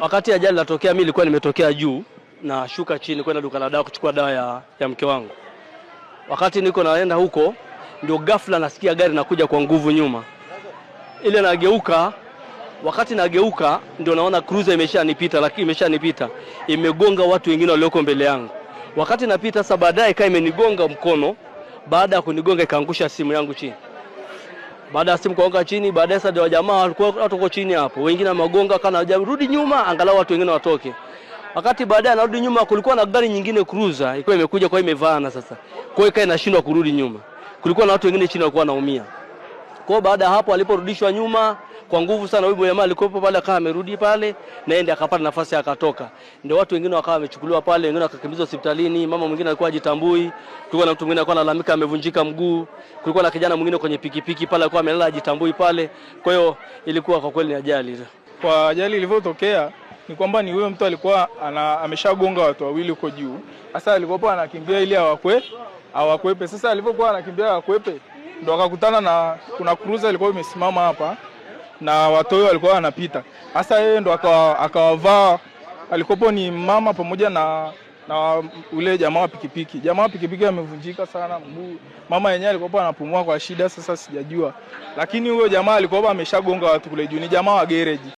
Wakati ajali natokea, mimi nilikuwa nimetokea juu na shuka chini kwenda duka la dawa kuchukua dawa ya, ya mke wangu. Wakati niko naenda huko, ndio ghafla nasikia gari nakuja kwa nguvu nyuma, ile nageuka. Wakati nageuka, ndio naona cruiser imeshanipita, lakini imeshanipita imegonga watu wengine walioko mbele yangu. Wakati napita sasa, baadaye kaa imenigonga mkono, baada ya kunigonga ikaangusha simu yangu chini baada ya simu kuanguka chini, baadaye sasa wa jamaa walikuwa watu wako chini hapo, wengine magonga kana rudi nyuma, angalau watu wengine watoke. Wakati baadaye anarudi nyuma, kulikuwa na gari nyingine cruiser ilikuwa imekuja, kwa imevana sasa, kwa hiyo ikae inashindwa kurudi nyuma, kulikuwa na watu wengine chini walikuwa wanaumia. Kwa hiyo baada ya hapo aliporudishwa nyuma kwa nguvu sana, huyu jamaa alikuwepo pale akawa amerudi pale na yeye ndiye akapata nafasi akatoka, ndio watu wengine wakawa wamechukuliwa pale, wengine wakakimbizwa hospitalini. Mama mwingine alikuwa ajitambui, kulikuwa na mtu mwingine alikuwa analalamika amevunjika mguu, kulikuwa na kijana mwingine kwenye pikipiki pale alikuwa amelala ajitambui pale. Kwa hiyo ilikuwa kwa kweli ni ajali. Kwa ajali ilivyotokea ni kwamba ni huyo mtu alikuwa ana, ameshagonga watu wawili huko juu, sasa alivyokuwa anakimbia ili awakwe awakwepe, sasa alivyokuwa anakimbia awakwepe ndo akakutana na kuna cruiser ilikuwa imesimama hapa na watoi walikuwa wanapita. Hasa yeye ndo akawavaa, alikopo ni mama pamoja na na ule jamaa wa pikipiki. Jamaa wa pikipiki amevunjika sana mguu, mama yenyewe alikopo anapumua kwa shida. Sasa sijajua, lakini huyo jamaa alikopo ameshagonga watu kule juu, ni jamaa wa gereji.